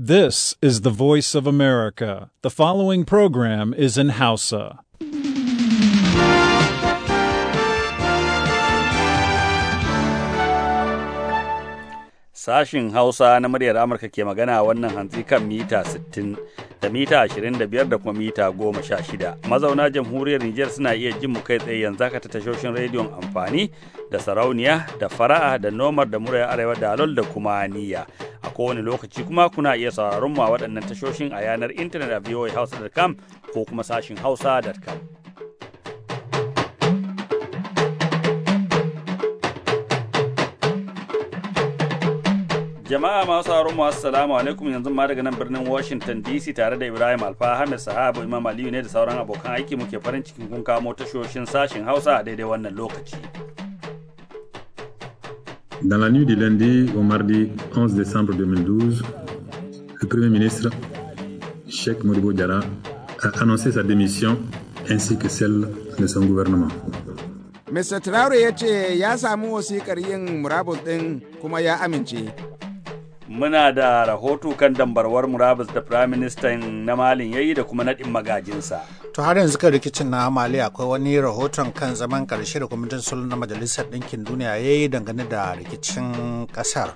This is the voice of America. The following program is in Hausa. Sashin Hausa na muryar Amurka ke magana wannan hantsi kan mita 60 da mita 25 da kuma mita 16. Mazauna jamhuriyar Nijar suna iya jin mu kai tsaye yanzu haka ta tashoshin rediyon amfani da sarauniya da fara'a da nomar da muraya arewa da alol da kuma niyya a kowane lokaci kuma kuna iya sauraron mu a waɗannan tashoshin a yanar intanet a voahouse.com ko kuma sashin hausa.com Jama'a masu sauraron mu assalamu alaikum yanzu ma daga nan birnin Washington DC tare da Ibrahim Alfa Hamid Sahabu Imam Aliyu ne da sauran abokan aiki muke farin cikin kun kamo tashoshin sashin Hausa a daidai wannan lokaci. Dans la nuit du lundi au mardi 11 décembre 2012, le Premier ministre Cheikh Modibo diara a annoncé sa démission ainsi que celle de son gouvernement. Mr. Traore ya ce ya samu wasikar yin murabus ɗin kuma ya amince. Muna da rahoto kan dambarwar murabus da Firaministan na Malin yayi da kuma naɗin magajinsa. To har yanzu kan rikicin na Mali akwai wani rahoton kan zaman karshe da kwamitin sulhu na Majalisar Ɗinkin Duniya ya yi dangane da rikicin ƙasar.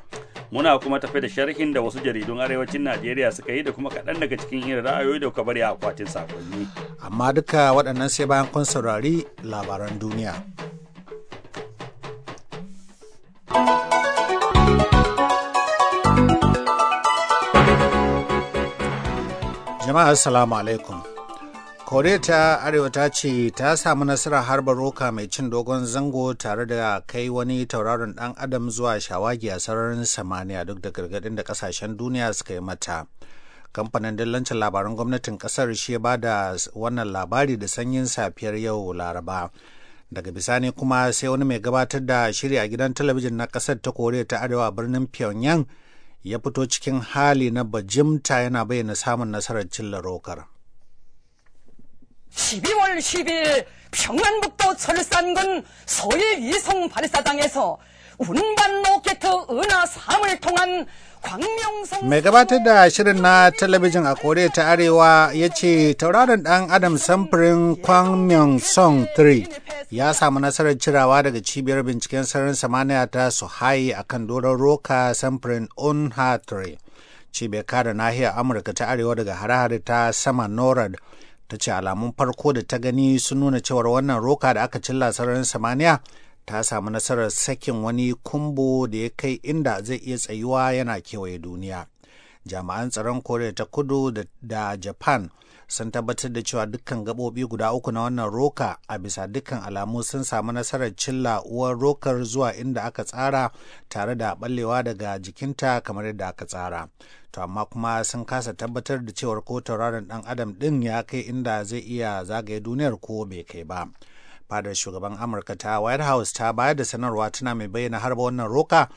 Muna kuma tafe da sharhin da wasu jaridun arewacin Najeriya suka yi da kuma kaɗan daga cikin irin ra'ayoyi da kuka bari a akwatin sakonni. Amma duka waɗannan sai bayan kun saurari labaran duniya. Jama'a Assalamu alaikum. koriya ta arewa ta ce ta samu nasarar harba roka mai cin dogon zango tare da kai wani tauraron dan adam zuwa shawagi a sararin samaniya duk da gargadin da kasashen duniya suka yi mata kamfanin dillancin labaran gwamnatin kasar shi ba da wannan labari da sanyin safiyar yau laraba daga bisani kuma sai wani mai gabatar da shiri a gidan talabijin na kasar ta koriya ta arewa birnin pyongyang ya fito cikin hali na bajimta yana bayyana samun nasarar cin rokar 12월 10일 평안북도 철산군 서일 mai gabatar da shirin na talabijin a koriya ta arewa ya ce tauraron dan adam samfurin kwang son song 3 ya samu nasarar cirawa daga cibiyar binciken sararin samaniya ta suhai a kan doron roka samfurin unha 3 cibiyar kada nahiyar amurka ta arewa daga hare-hare ta sama norad ta ce alamun farko da ta gani sun nuna cewar wannan roka da aka cilla sararin samaniya ta samu nasarar sakin wani kumbo da ya kai inda zai iya tsayuwa yana kewaye duniya jami'an tsaron koriya ta kudu da japan sun tabbatar da cewa dukkan gabobi guda uku na wannan roka a bisa dukkan alamu sun samu nasarar cilla uwar rokar zuwa inda aka tsara tare da ɓallewa daga jikinta kamar yadda aka tsara to amma kuma sun kasa tabbatar da cewar ko tauraron dan adam din ya kai inda zai iya zagaye duniyar ko bai kai ba fadar shugaban amurka ta white house ta bayar da sanarwa tana mai bayyana harba wannan roka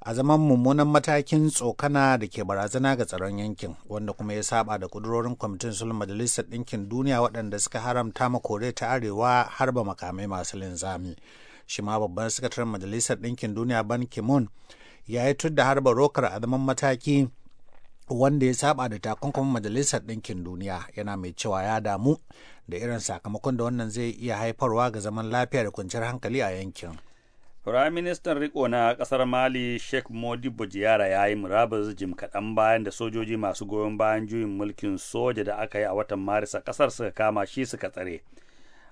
a zaman mummunan matakin tsokana da ke barazana ga tsaron yankin wanda kuma ya saba da kudurorin kwamitin sun majalisar ɗinkin duniya waɗanda suka haramta ma kore ta arewa harba makamai masu linzami shi ma babban sakataren majalisar ɗinkin duniya ban kimon ya yi tudda harba rokar a zaman mataki wanda ya saba da takunkumin majalisar ɗinkin duniya yana mai cewa ya damu da irin sakamakon da wannan zai iya haifarwa ga zaman lafiya da kwanciyar hankali a yankin. Firaministan riko na ƙasar Mali Sheikh modi Jiyara ya yi murabus jim kaɗan bayan da sojoji masu goyon bayan juyin mulkin soja da aka yi a watan Maris a ƙasar suka kama shi suka tsare.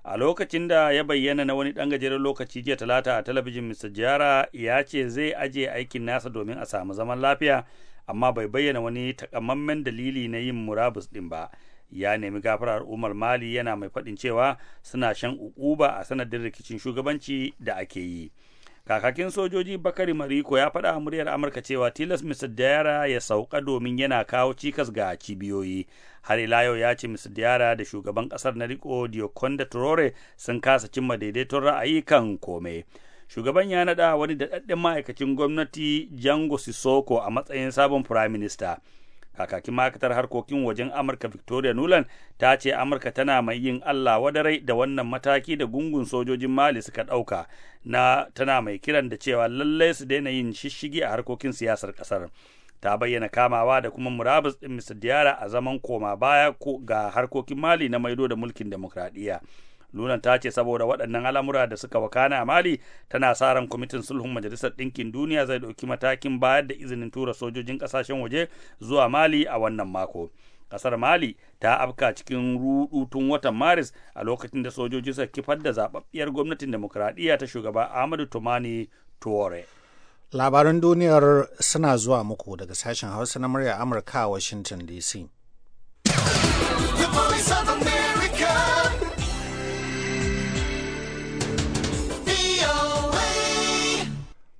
A lokacin da ya bayyana na wani ɗan gajeren lokaci jiya talata a talabijin Mr. Jiyara ya ce zai ajiye aikin nasa domin a samu zaman lafiya amma bai bayyana wani takamammen dalili na yin murabus ɗin ba. ya nemi gafarar umar mali yana mai faɗin cewa suna shan ukuba a sanadin rikicin shugabanci da ake yi kakakin sojoji bakari mariko ya faɗa a muryar amurka cewa tilas mr dayara ya sauka domin yana kawo cikas ga cibiyoyi har ila yau ya ce mr dayara da shugaban ƙasar na riko dioconda turore sun kasa cimma daidaiton ra'ayi kan kome shugaban ya naɗa wani daɗaɗɗen ma'aikacin gwamnati jango sisoko a matsayin sabon prime minister kakakin ma'aikatar harkokin wajen amurka victoria nuland ta ce amurka tana mai yin allah wadarai da wannan mataki da gungun sojojin mali suka ɗauka na tana mai kiran da cewa lallai su daina yin shishigi a harkokin siyasar ƙasar ta bayyana kamawa da kuma murabus ɗin mr diara a zaman koma baya ga harkokin mali na maido da mulkin demokradiyya Lunan ta ce saboda waɗannan al'amura da suka wakana a Mali tana sa ran kwamitin sulhun Majalisar Ɗinkin Duniya zai ɗauki matakin bayar da izinin tura sojojin ƙasashen waje zuwa Mali a wannan mako. Ƙasar Mali ta afka cikin rudu tun watan Maris a lokacin da sojoji suka kifar da zababbiyar gwamnatin demokuraɗiyya ta shugaba Ahmadu Tumani Tuore. Labaran duniyar suna zuwa muku daga sashen Hausa na murya Amurka a Washington DC.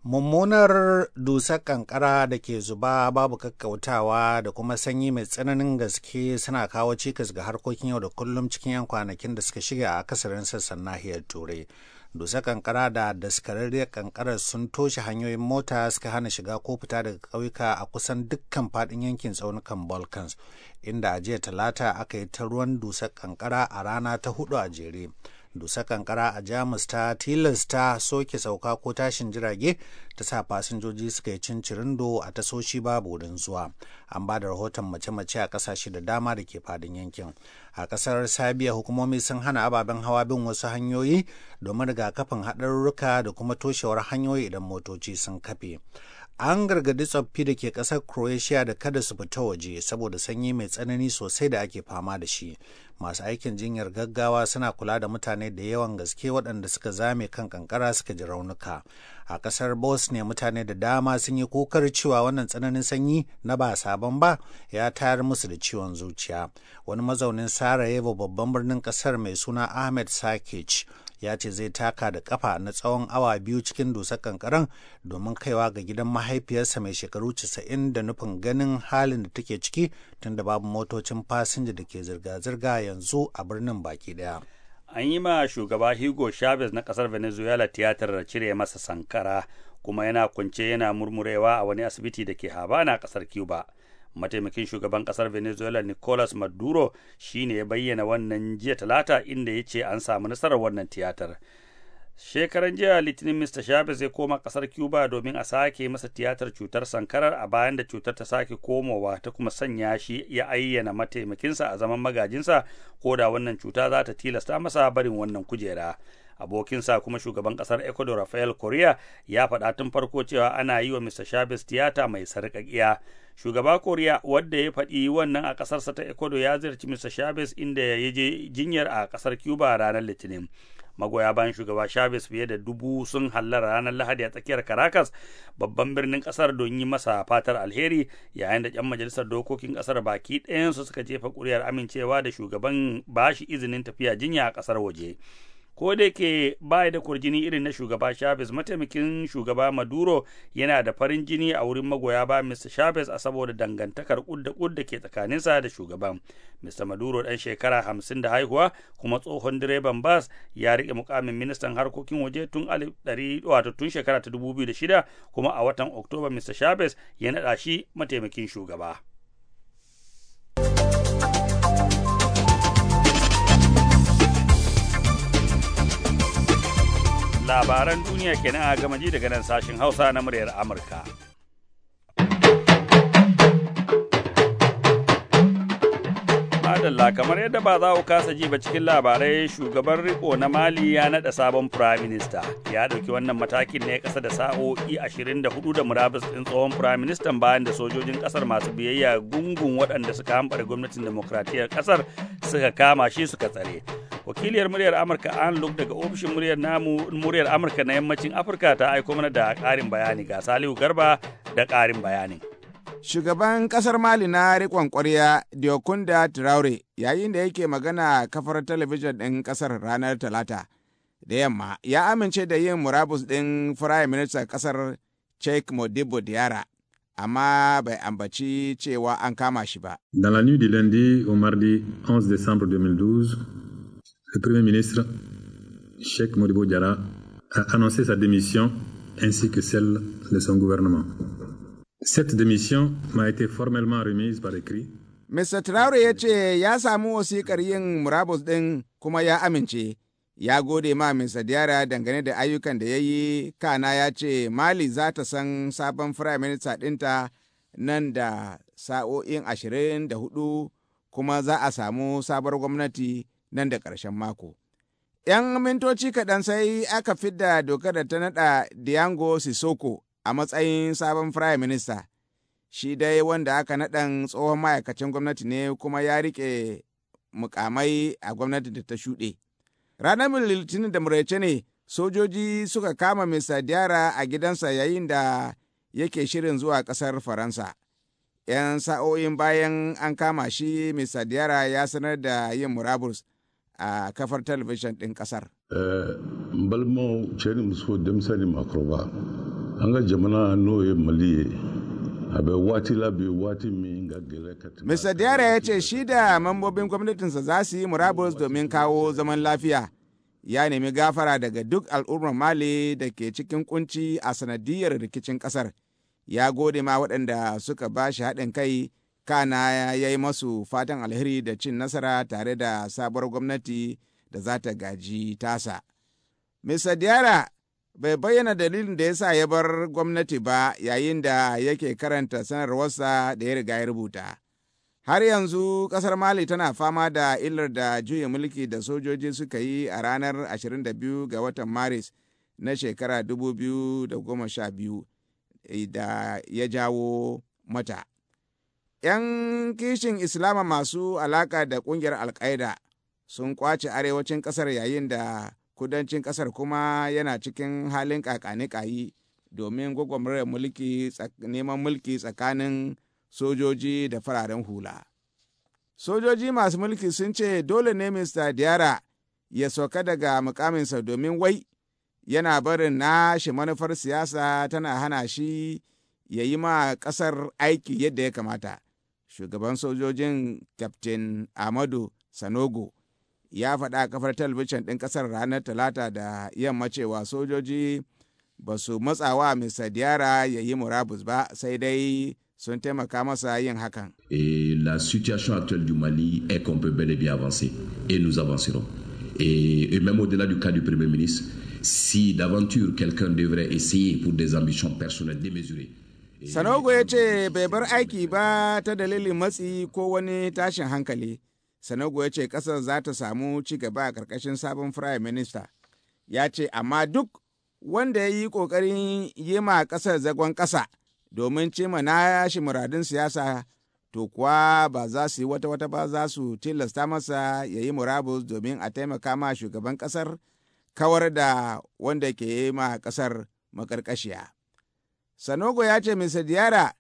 mummunar dusar kankara da ke zuba babu kakkautawa da kuma sanyi mai tsananin gaske suna kawo cikas ga harkokin yau da kullum cikin 'yan kwanakin da suka shiga a kasarin sassan nahiyar turai dusar kankara da daskararriyar kankarar sun toshe hanyoyin mota suka hana shiga ko fita daga ƙauyuka a kusan dukkan faɗin yankin tsaunukan balkans inda a jiya talata aka yi ta ruwan dusar kankara a rana ta hudu a jere dusa kankara a jamus ta tilasta soke sauka ko tashin jirage ta sa fasinjoji suka yi cincirindo a tasoshi babu wurin zuwa an ba da rahoton mace-mace a kasashe da dama da ke fadin yankin a kasar sabiya hukumomi sun hana ababen hawa bin wasu hanyoyi domin rigakafin haɗarurruka da kuma toshewar hanyoyi idan motoci sun kafe an gargadi tsoffi da ke ƙasar croatia da kada su fita waje saboda sanyi mai tsanani sosai da ake fama da shi masu aikin jinyar gaggawa suna kula da mutane da yawan gaske waɗanda suka zame kan kankara suka ji raunuka a ƙasar bosnia mutane da dama sun yi kokar cewa wannan tsananin sanyi na ba sabon ba ya tayar musu da ciwon zuciya wani mazaunin sarajevo babban birnin ƙasar mai suna ahmed sakic ya ce zai taka da kafa na tsawon awa biyu cikin dusar kankaran domin kaiwa ga gidan mahaifiyarsa mai shekaru 90 da nufin ganin halin da take ciki tun da babu motocin fasinja da ke zirga-zirga yanzu a birnin baki daya. An yi ma shugaba Hugo Chavez na kasar Venezuela tiyatar da cire masa sankara kuma yana kunce yana murmurewa a wani asibiti da ke Habana kasar Cuba. mataimakin shugaban kasar venezuela nicolas maduro shine ya bayyana wannan jiya talata inda ya ce an samu nasarar wannan tiyatar shekaran jiya litinin mr chavez zai koma kasar cuba domin a sake masa tiyatar cutar sankarar a bayan da cutar ta sake komowa ta kuma sanya shi ya ayyana mataimakinsa a zaman magajinsa ko da wannan cuta za ta tilasta masa barin wannan kujera abokinsa kuma shugaban kasar ecuador rafael korea ya faɗa tun farko cewa ana yi wa mr chavez tiyata mai sarƙaƙiya shugaba korea wadda ya faɗi wannan a ƙasarsa ta ecuador ya ziyarci mr chavez inda ya yi jinyar a ƙasar cuba ranar litinin magoya bayan shugaba chavez fiye da dubu sun hallara ranar lahadi a tsakiyar caracas babban birnin kasar don yi masa fatar alheri yayin da 'yan majalisar dokokin kasar baki ɗayansu suka jefa ƙuri'ar amincewa da shugaban bashi izinin tafiya jinya a kasar waje ko da yake ba da kurjini irin na shugaba Chavez mataimakin shugaba Maduro yana da farin jini a wurin magoya ba Mr. Chavez a saboda dangantakar kudda kudda ke tsakaninsa da shugaban. Mr. Maduro dan shekara hamsin da haihuwa kuma tsohon direban bas ya rike mukamin ministan harkokin waje tun wato tun shekara ta 2006 kuma a watan Oktoba Mr. Chavez ya naɗa shi mataimakin shugaba. labaran duniya kenan a gama daga nan sashen hausa na muryar amurka adalla kamar yadda ba za ku kasa ji ba cikin labarai shugaban riko na Mali ya nada sabon Prime Minister. Ya dauki wannan matakin ne kasa da sa'o'i 24 da murabus din tsohon Prime Minister bayan da sojojin kasar masu biyayya gungun waɗanda suka hambar gwamnatin demokratiyyar kasar suka kama shi suka tsare. Wakiliyar muryar Amurka An Luk daga ofishin muryar namu muryar Amurka na yammacin Afirka ta aiko mana da karin bayani ga Salihu Garba da karin bayanin. Shugaban kasar Mali na rikon ƙwarya Diokunda Traore yayin da yake magana a kafar talabijin ɗin kasar ranar Talata da yamma ya amince da yin murabus ɗin Prime Minister kasar Sheikh Modibo Diara amma bai ambaci cewa an kama shi ba. Dans la nuit du lundi au mardi 11 décembre 2012, le Premier ministre Sheikh Modibo Diara a annoncé sa démission ainsi que celle de son gouvernement. Cette démission m'a été formellement remise par écrit. Mr. Traore ya ce ya samu wasikar yin murabus ɗin kuma ya amince. Ya gode ma Mr. Diara dangane da ayyukan da ya yi kana ya ce Mali za ta san sabon Prime Minister ɗinta nan da sa'o'in ashirin da hudu kuma za a samu sabar gwamnati nan da ƙarshen mako. 'Yan mintoci kaɗan sai aka fidda dokar da ta naɗa Diango Sisoko a matsayin sabon firayim minista shi dai wanda aka naɗan tsohon ma'aikacin gwamnati ne kuma ya riƙe mukamai a gwamnati da ta shuɗe ranar litinin da murece ne sojoji suka kama mista diara a gidansa yayin da yake shirin zuwa ƙasar faransa 'yan sa'o'in bayan an kama shi mista diara ya sanar da yin murabus a kafar talabijin ɗin ƙasar. Eh, balmo ce musu makroba an ga jamana n'o ye mali ye a bɛ waati la bi waati min ka gɛlɛ ka tɛmɛ. mr diare ya ce shi da mambobin gwamnatinsa za su yi murabus domin kawo zaman lafiya ya nemi gafara daga duk al'ummar mali da ke cikin kunci a sanadiyar rikicin kasar ya gode ma waɗanda suka ba shi haɗin kai kana ya yi masu fatan alheri da cin nasara tare da sabuwar gwamnati da za ta gaji tasa. Mr. Diara bai bayyana dalilin da ya sa ya bar gwamnati ba yayin da yake karanta sanarwarsa da ya riga ya rubuta. Har yanzu kasar Mali tana fama da illar da juya mulki da sojoji suka yi a ranar 22 ga watan Maris na shekara 2012 eh, da ya jawo mata. ‘Yan kishin Islama masu alaka da ƙungiyar Al-Qaida sun kwace arewacin ƙasar yayin da kudancin kasar kuma yana cikin halin kakanikayi domin gwagwamrar mulki neman mulki tsakanin sojoji da fararen hula sojoji masu mulki sun ce dole ne mista diara ya sauka daga mukaminsa domin wai yana barin nashi manufar siyasa tana hana shi ya yi ma ƙasar aiki yadda ya kamata shugaban sojojin captain amadu sanogo ya faɗa kafar talabijin ɗin ƙasar ranar talata da yamma cewa sojoji ba su matsawa mr diara ya yi murabus ba sai dai sun taimaka masa yin hakan. Et la situation actuelle du Mali est qu'on peut bel et bien avancer et nous avancerons. Et, et même au-delà du cas du Premier ministre, si d'aventure quelqu'un devrait essayer pour des ambitions personnelles démesurées. Sanogo ya ce bai bar aiki ba ta dalilin matsi ko wani tashin hankali. Sanogo ya ce ƙasar za ta samu ci gaba a ƙarƙashin sabon Firayim Minista. Ya ce, amma duk wanda ya yi ƙoƙarin yi ma ƙasar zagon ƙasa domin cima na shi muradin siyasa to kuwa ba za su yi wata wata ba za su tilasta masa ya yi murabus domin a taimaka ma shugaban ƙasar kawar da wanda ke yi ma ƙasar maƙarƙashiya Sanogo ya ce Mr. Diara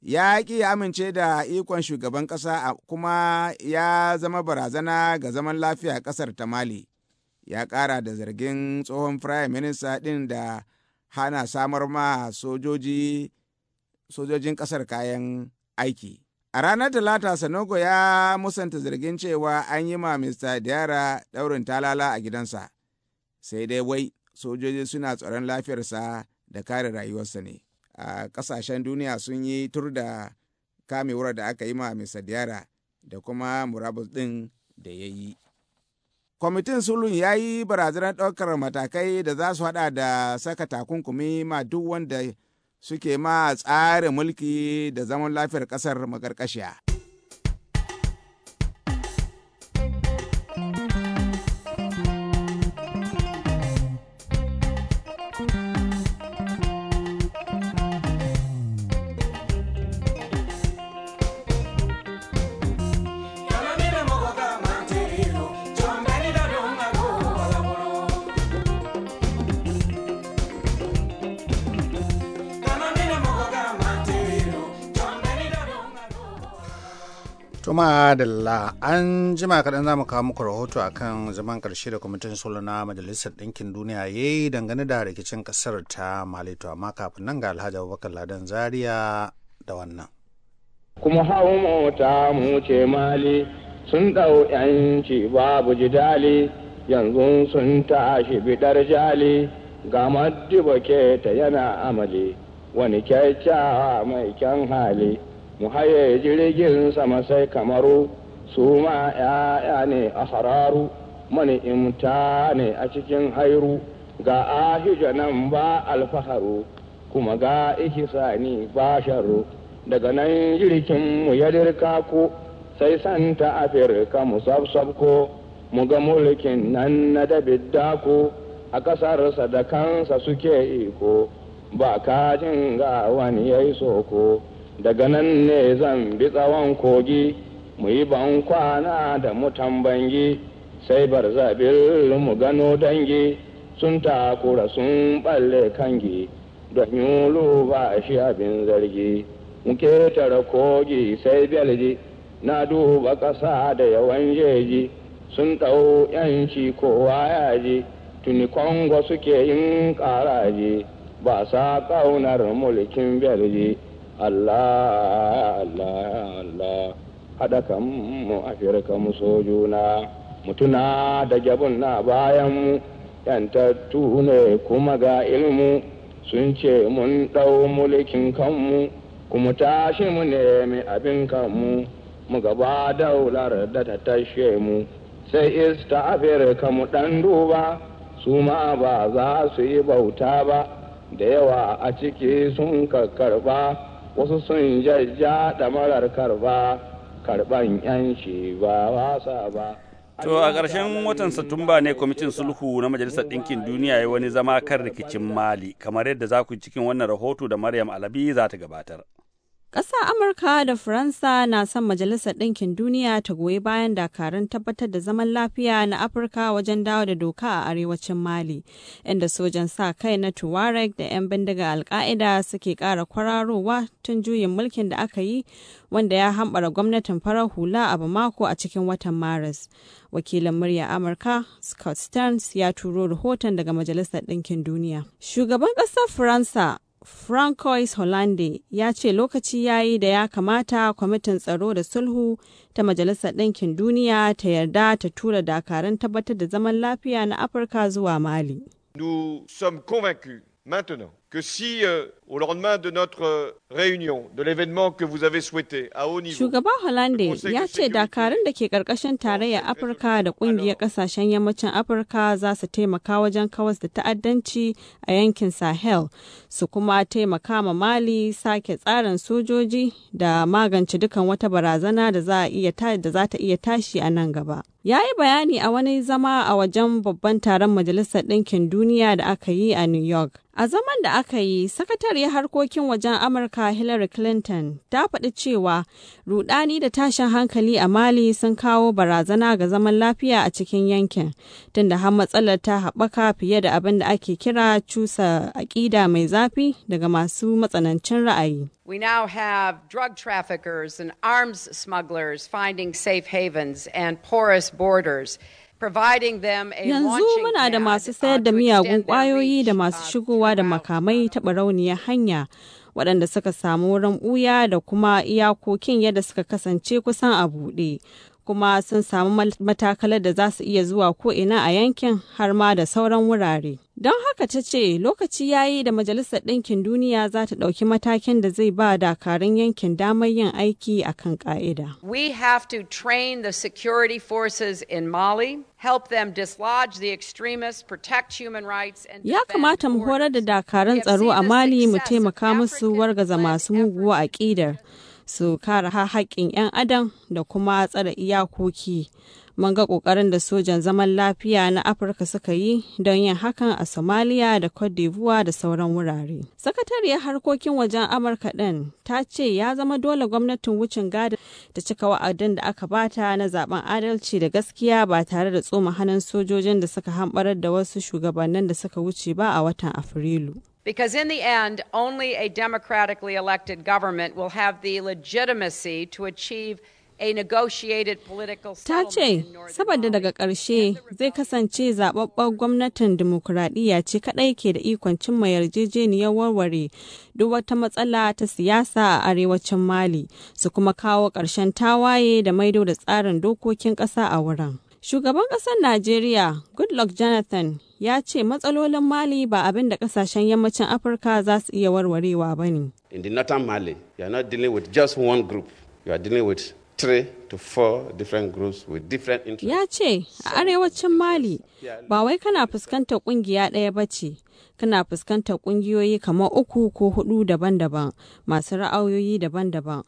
ya ƙi ya amince da ikon shugaban ƙasa kuma ya zama barazana ga zaman lafiya ƙasar ta mali ya ƙara da zargin tsohon firayim minister ɗin da hana samar ma sojoji sojojin ƙasar kayan aiki a ranar talata sanogo ya musanta zargin cewa an yi ma Mr. diara ɗaurin talala a gidansa sai dai wai sojoji suna tsaron lafiyarsa da kare rayuwarsa ne a kasashen duniya sun yi tur da kamewar da aka yi ma Mr. Diara da kuma murabus ɗin da ya yi. Kwamitin Sulun ya yi barazanar ɗaukar matakai da za su haɗa da saka takunkumi ma duk wanda suke ma tsarin mulki da zaman lafiyar ƙasar makarƙashiya. kuma madalla an jima kaɗan za mu kawo muku rahoto a kan zaman ƙarshe da kwamitin sulhu na majalisar ɗinkin duniya ya yi dangane da rikicin ƙasar ta malito amma kafin nan ga alhaji abubakar ladan zaria da wannan. kuma hau mota mu ce mali sun ɗau yanci babu jidali yanzu sun tashi bidar jali ga maddiba ta yana amali wani kyakkyawa mai kyan hali. mu haye jirgin sama sai kamaru su ma ‘ya'ya ne a hararu mani imta ne a cikin hairu ga ahija nan ba alfaharu kuma ga sani ba sharu daga nan jirgin mu ya dirka ku sai santa afirka mu sabsabko mu ga mulkin nan na dabidda ku a ƙasarsa da kansa suke iko ba kajin ga wani ya yi soko. daga nan ne zan bi tsawon kogi mu yi ban kwana da mutan bangi sai barzabir mu gano dangi sun takura sun balle kangi don yulu ba shi abin zargi mu ketare kogi sai belji na duba ƙasa da yawan jeji sun ɗau yanci kowa ya tuni kongo suke yin ƙaraji ba sa ƙaunar mulkin belji Allah Allah Allah haɗa kanmu mu mu sojuna mutuna da jabun na bayan yantattu ne kuma ga ilmu sun ce mun ɗau mulkin kanmu kuma tashi mu nemi abin kanmu mu gaba daular da ta tashe mu sai ista afirka mu ɗan duba su ma ba za su yi bauta ba da yawa a ciki sun kakkarba wasu sun jajja da marar karba karban shi ba wasa ba To a ƙarshen watan Satumba ne kwamitin sulhu na Majalisar Ɗinkin Duniya ya wani zama kan rikicin Mali, kamar yadda za ku cikin wannan rahoto da Maryam Alabi za ta gabatar. Ƙasa Amurka da Faransa na son Majalisar Ɗinkin Duniya ta goyi bayan dakarun tabbatar da zaman lafiya na Afirka wajen dawo da doka a arewacin Mali, inda sojan sa kai na Tuareg da 'yan bindiga Alka'ida suke ƙara kwararowa tun juyin mulkin da aka yi wanda ya hambara gwamnatin farar hula a Bamako a cikin watan Maris. Wakilin murya Amurka Scott Stearns ya turo rahoton daga Majalisar Ɗinkin Duniya. Shugaban ƙasar Faransa Francois Hollande ya ce lokaci ya yi da ya kamata kwamitin tsaro da sulhu ta Majalisar Ɗinkin Duniya ta yarda ta tura dakarun tabbatar da zaman lafiya na Afirka zuwa Mali. que si euh, au lendemain de notre euh, réunion, de l'événement que vous avez souhaité à haut niveau. Shugaba Hollande ya ce dakarun da ke karkashin tarayyar Afirka da kungiyar kasashen yammacin Afirka za su taimaka wajen kawas da ta'addanci a yankin Sahel, su kuma taimaka ma Mali sake tsarin sojoji da magance dukan wata barazana da za ta iya tashi a nan gaba. Ya yi bayani a wani zama a wajen babban taron Majalisar Ɗinkin Duniya da aka yi a New York. A zaman da aka yi, sakatariyar harkokin wajen Amurka Hillary Clinton ta faɗi cewa rudani da tashin hankali a Mali sun kawo barazana ga zaman lafiya a cikin yankin, tunda har matsalar ta haɓaka fiye da abin da ake kira cusa aƙida mai zafi daga masu matsanancin ra'ayi. We now have drug traffickers and arms smugglers finding safe havens and porous borders. Yanzu muna da masu uh, sayar da miyagun ƙwayoyi da uh, masu shigowa da makamai ta barauniyar hanya waɗanda suka samu wurin ɓuya da kuma iyakokin yadda suka kasance kusan a buɗe. kuma sun samu matakalar da za su iya zuwa ko ina a yankin har ma da sauran wurare. Don haka ta ce lokaci ya yi da Majalisar Ɗinkin Duniya za ta ɗauki matakin da zai ba dakarun yankin damar yin aiki a kan ƙa'ida. We have to train the security forces in Mali, help them dislodge the extremists, protect human rights and Ya kamata mu horar da dakarun tsaro a Mali mu taimaka musu wargaza masu muguwa a ƙidar. su kare haƙƙin 'yan adam da kuma tsare iyakoki mun ga ƙoƙarin da sojan zaman lafiya na afirka suka yi don yin hakan a somalia da cote d'ivoire da sauran wurare sakatariyar harkokin wajen amurka ɗin ta ce ya zama dole gwamnatin wucin Gada ta cika wa'adin da aka bata na zaben adalci da gaskiya ba tare da tsoma hannun sojojin da suka hamɓarar da wasu shugabannin da suka wuce ba a watan afrilu Because in the end, only a democratically elected government will have the legitimacy to achieve Ta ce, saboda daga ƙarshe zai kasance zaɓaɓɓen gwamnatin dimokuraɗiyya ce kaɗai ke da ikon cimma yarjejeniyar warware duk wata matsala ta siyasa a arewacin Mali su kuma kawo ƙarshen tawaye da maido da tsarin dokokin ƙasa a wurin. Shugaban ƙasar Najeriya, Goodluck Jonathan, ya ce matsalolin Mali ba abin da kasashen yammacin Afirka za su iya warwarewa ba ne. In the northern Mali, you are not dealing with just one group, you are dealing with three to four different groups with different interests. Ya ce, a arewacin Mali, ba wai kana fuskantar kungiya ɗaya ba ce, kana fuskantar kungiyoyi kamar uku ko hudu daban-daban masu ra'ayoyi daban-daban.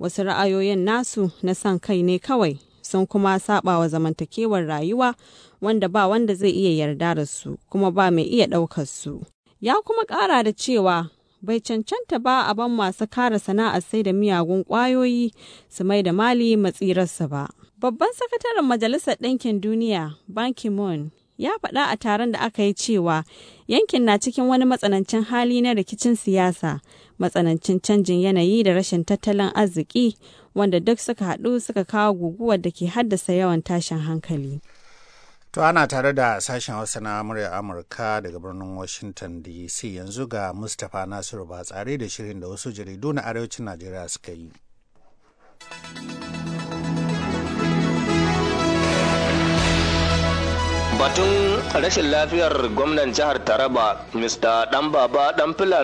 Wasu ra'ayoyin nasu na san kai ne kawai, sun kuma saba wa zamantakewar rayuwa wanda ba wanda zai iya yarda da su kuma ba mai iya ɗaukar su. Ya kuma ƙara da cewa bai cancanta ba a ban masu kare sana'a sai da miyagun ƙwayoyi su mai da mali matsirarsa ba. Babban sakataren Majalisar Ɗinkin Duniya, Ban Ki-moon, ya faɗa a taron da aka yi cewa yankin na cikin wani matsanancin hali na rikicin siyasa matsanancin canjin yanayi da rashin tattalin arziki wanda duk suka haɗu suka kawo guguwar da ke haddasa yawan tashin hankali. To ana tare da sashen Hausa na murya Amurka daga birnin Washington DC yanzu ga Mustapha Nasiru ba tsare da shirin da wasu jaridu na arewacin Najeriya suka yi. Batun rashin lafiyar gwamnan jihar Taraba, Mr. dan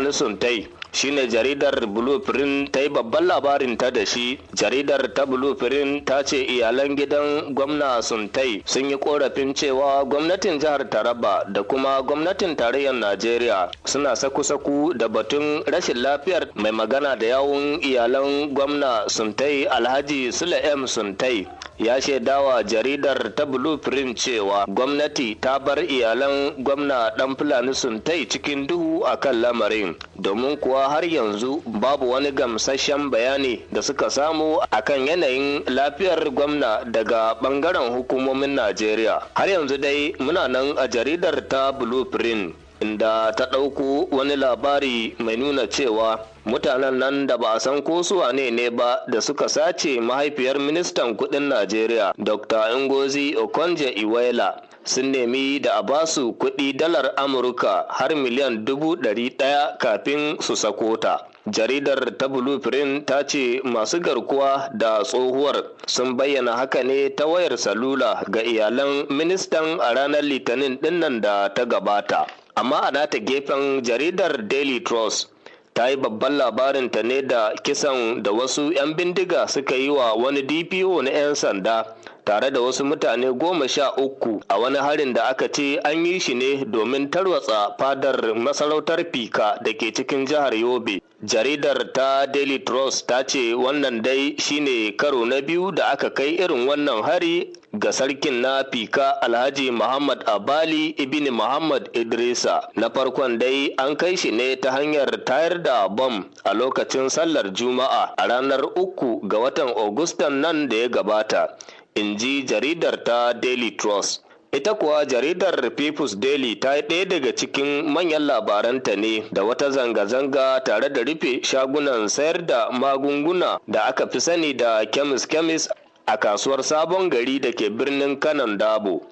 ni sun Suntai, shine jaridar blueprint ta yi babban labarin ta da shi jaridar ta blueprint ta ce iyalan gidan gwamna suntai sun yi korafin cewa gwamnatin jihar taraba da kuma gwamnatin tarayyar najeriya suna saku-saku da batun rashin lafiyar mai magana da yawun iyalan gwamna suntai alhaji sule m suntai ya shaidawa jaridar ta blueprint cewa gwamnati ta bar iyalan gwamna dan fulani suntai cikin duhu akan lamarin domin kuwa har yanzu babu wani gamsasshen bayani da suka samu a kan yanayin lafiyar gwamna daga bangaren hukumomin Najeriya. Har yanzu dai muna nan a jaridar ta Blueprint inda ta ɗauko wani labari mai nuna cewa mutanen nan da ba a san ko suwa ne ne ba da suka sace mahaifiyar ministan kudin Najeriya Dr. Ngozi Okonje iwela sun nemi da a ba su kuɗi dalar amurka har miliyan dubu ɗari ɗaya kafin su sako ta jaridar ta blueprint ta ce masu garkuwa da tsohuwar sun bayyana haka ne ta wayar salula ga iyalan ministan a ranar litinin dinnan da ta gabata amma a nata gefen jaridar daily trust ta yi babban labarinta ne da kisan da wasu 'yan bindiga suka yi wa wani dpo na 'yan sanda tare da wasu mutane goma sha uku a wani harin da aka ce an yi shi ne domin tarwatsa fadar masarautar Fika da ke cikin jihar Yobe. Jaridar ta Daily Trust ta ce wannan dai shine karo na biyu da aka kai irin wannan hari ga sarkin na Fika Alhaji Muhammad Abali ibn Muhammad Idrisa. Na farkon dai an kai shi ne ta hanyar tayar da bom a lokacin sallar Juma'a a ranar uku ga watan Agustan nan da ya gabata. in ji jaridar ta Daily Trust. Ita kuwa jaridar People's Daily ta yi ɗaya daga cikin manyan labaranta ne da wata zanga-zanga tare da rufe shagunan sayar da magunguna da aka fi sani da chemist chemis a kasuwar sabon gari da ke birnin kanon dabo.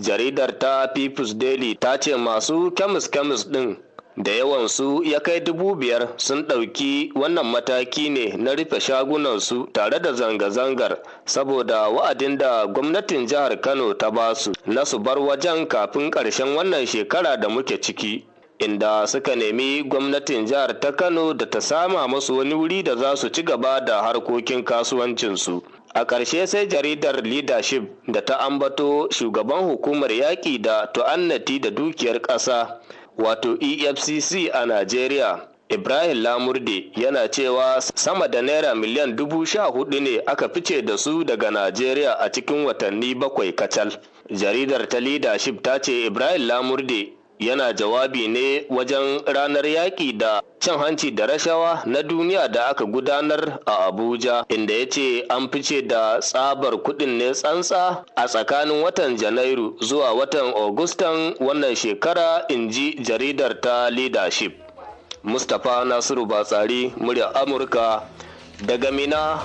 Jaridar ta People's Daily ta ce masu chemist chemis ɗin da yawansu ya kai dubu biyar sun ɗauki wannan mataki ne na rufe shagunansu tare da zanga-zangar saboda wa'adin da gwamnatin jihar kano ta basu na su bar wajen kafin ƙarshen wannan shekara da muke ciki inda suka nemi gwamnatin jihar ta kano da ta sama masu wani wuri da za su ci gaba da harkokin kasuwancinsu a ƙarshe sai jaridar leadership da ta ambato shugaban hukumar yaƙi da tu'annati da dukiyar ƙasa wato efcc a najeriya ibrahim lamurde yana cewa sama da naira miliyan dubu sha hudu ne aka fice da su daga najeriya a cikin watanni bakwai kacal jaridar ta leadership ta ce ibrahim lamurde yana jawabi ne wajen ranar yaƙi da cin hanci da rashawa na duniya da aka gudanar a abuja inda ya ce an fice da tsabar kuɗin ne tsantsa a tsakanin watan janairu zuwa watan augustan wannan shekara in ji jaridar ta leadership mustapha nasiru batsari murya amurka daga mina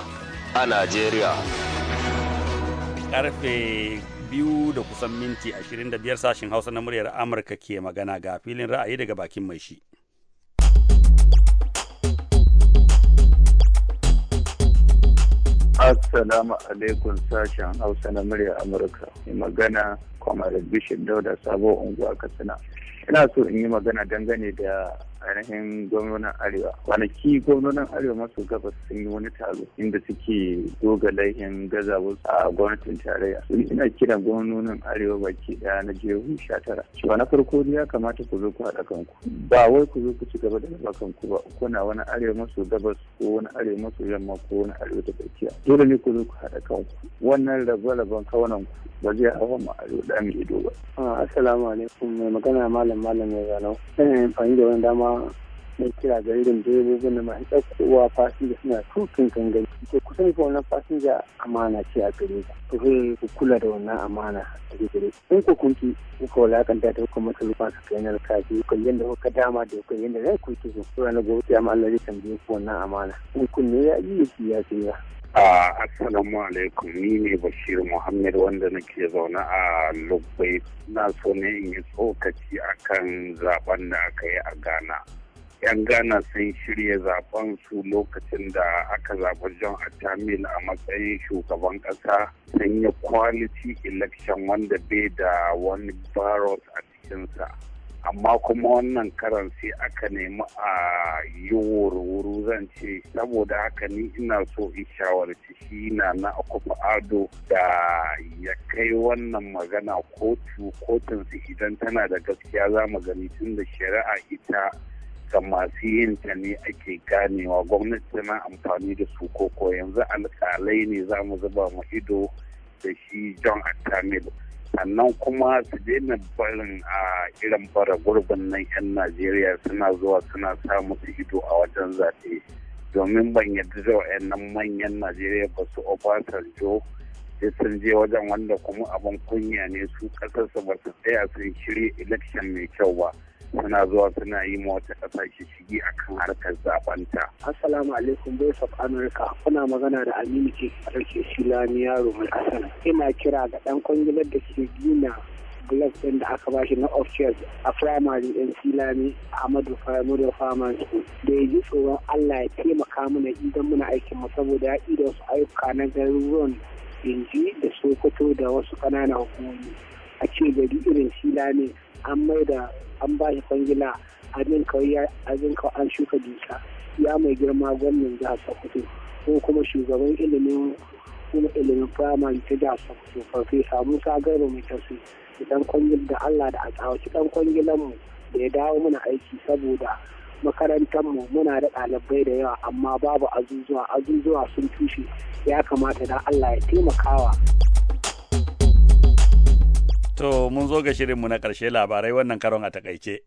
a najeriya biyu da kusan minti ashirin da biyar sashen Hausa na muryar Amurka ke magana ga filin ra'ayi daga bakin mai shi. Assalamu alaikum sashen Hausa na muryar Amurka. magana Kwamar bishin Dauda sabon Unguwa Katsina. Ina so in yi magana dangane da ainihin gwamnonin arewa kwanaki gwamnonin arewa masu gabas sun yi wani taro inda suke doga laihin gazawar a gwamnatin tarayya sun ina kiran gwamnonin arewa baki daya na jihohi sha tara cewa na farko ya kamata ku zo ku haɗa kanku ba wai ku zo ku ci gaba da raba kanku ba kuna wani arewa maso gabas ko wani arewa maso yamma ko wani arewa ta tsakiya dole ne ku zo ku haɗa kanku wannan rabe-raben kawanan ku ba zai hawa ma arewa da mai ba. Ah, assalamu alaikum mai magana malam malam ya zanau ina amfani da wani dama mai kira ga irin direbobin da masu ɗaukowa fasinja suna tukin gangan to kusan ga wannan fasinja amana ce a gare ku to sai ku kula da wannan amana a gare in ku kunki kuka wulakanta ta kuka masa rufa su kai nan ku kuka yanda kuka dama da kuka yanda zai ku ki so ranar gobe ya ma Allah biyu ku wannan amana in kunne ya yi shi ya tsira Ah, assalamu alaikum ni ne Bashir Muhammad wanda nake zaune a Lubbai na so ne in yi tsokaci a kan zaben da aka yi a Ghana. 'Yan Ghana sun shirya zaben su lokacin da aka zaɓi John Atamil a matsayin shugaban ƙasa sun yi quality election wanda bai da wani baros a cikinsa. amma kuma wannan karan aka nemi a yi wuri zan ce saboda haka ni ina so in shawarci shi na na ado da ya kai wannan magana kotu kotun su idan tana da gaskiya za mu gani tun da shari'a ita ga masu yin ta ne ake ganewa gwamnati tana amfani da su koko yanzu alkalai ne za mu zuba mu ido da shi john atamil sannan kuma su daina barin a irin bara gurbin nan 'yan najeriya suna zuwa suna sa musu ido a wajen zaɓe domin ban yadda da nan manyan najeriya ba su jo sai sun je wajen wanda kuma abin kunya ne su ƙasarsa ba su tsaya sun shirya election mai kyau ba suna zuwa suna yi ma wata ƙasa shige a kan harkar zaɓanta. Assalamu alaikum Voice of America kuna magana da Aminu ke ake Silani Yaro mai Hassan. Ina kira ga ɗan kwangilar da ke gina blog ɗin da aka bashi na officials a firamare ɗin Silani Ahmadu Farmer Farmers da ya ji tsoron Allah ya taimaka mana idan muna aikin mu saboda ya ida su ayyuka na garuruwan Inji da Sokoto da wasu ƙananan hukumomi. A ce gari irin Silani an mai da an ba shi kwangila abin kawai an shuka duka ya mai girma gwamnan a sokoto ko kuma shugaban ilimin kuma ilimin firamare ta jihar farfe farfesa musa garba mai tasi idan kwangil da allah da a tsawaci dan kwangilan mu da ya dawo mana aiki saboda makarantar mu muna da ɗalibai da yawa amma babu azuzuwa azuzuwa sun tushe ya kamata da allah ya taimakawa. To mun zo ga mu na ƙarshe labarai wannan karon a takaice.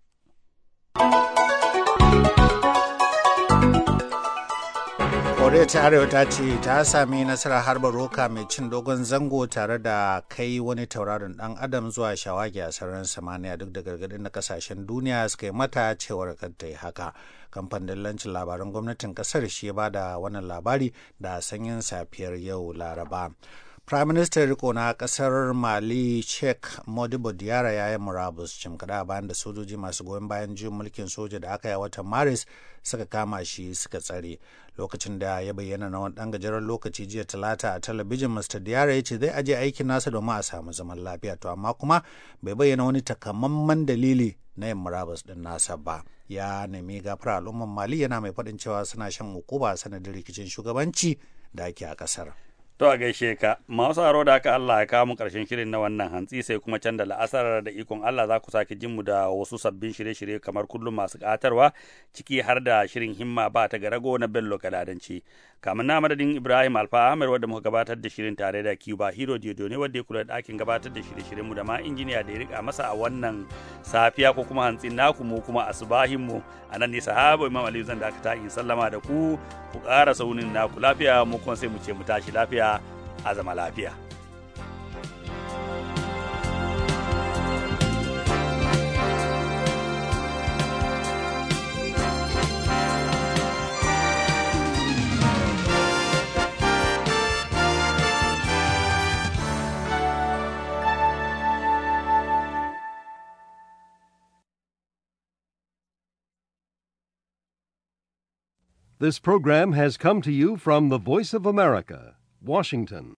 koriya ta arewa ta ce ta sami nasarar harba roka mai cin dogon zango tare da kai wani tauraron dan adam zuwa shawagi a sararin samaniya duk da gargadin na kasashen duniya suka yi mata cewar ta yi haka kamfanin lancin labaran gwamnatin kasar shi ya da wannan labari da sanyin safiyar yau laraba prime Firaministan riko na kasar Mali Sheikh Modibo Diara ya yi murabus cimkada bayan da sojoji masu goyon bayan juyin mulkin soja da aka yi a watan Maris suka kama shi suka tsare. Lokacin da ya bayyana na wani ɗan gajeren lokaci jiya talata a talabijin Mr. Diara ya ce zai aje aikin nasa domin a samu zaman lafiya to amma kuma bai bayyana wani takamaiman dalili na yin murabus din nasa ba. Ya nemi gafara al'umman Mali yana mai faɗin cewa suna shan hukuba sanadin rikicin shugabanci da ake a ƙasar. To a gaishe ka, masu aro da aka Allah ya kawo mu karshen shirin na wannan hantsi sai kuma can da la'asar da ikon Allah za ku sake jin mu da wasu sabbin shirye-shirye kamar kullum masu ƙatarwa ciki har da shirin himma ba ta garago na Bello Galadanci. Kamun na madadin Ibrahim Alfa Amir wadda muka gabatar da shirin tare da Cuba Hero Diodo ne wadda ya kula da ɗakin gabatar da shirye-shiryen mu da ma injiniya da ya rika masa a wannan safiya ko kuma hantsin naku mu kuma asubahin mu a nan ne sahabo Imam Aliyu zan da aka ta in sallama da ku ku ƙara saunin naku lafiya mu kuma sai mu ce mu tashi lafiya a zama lafiya. This program has come to you from the Voice of America, Washington.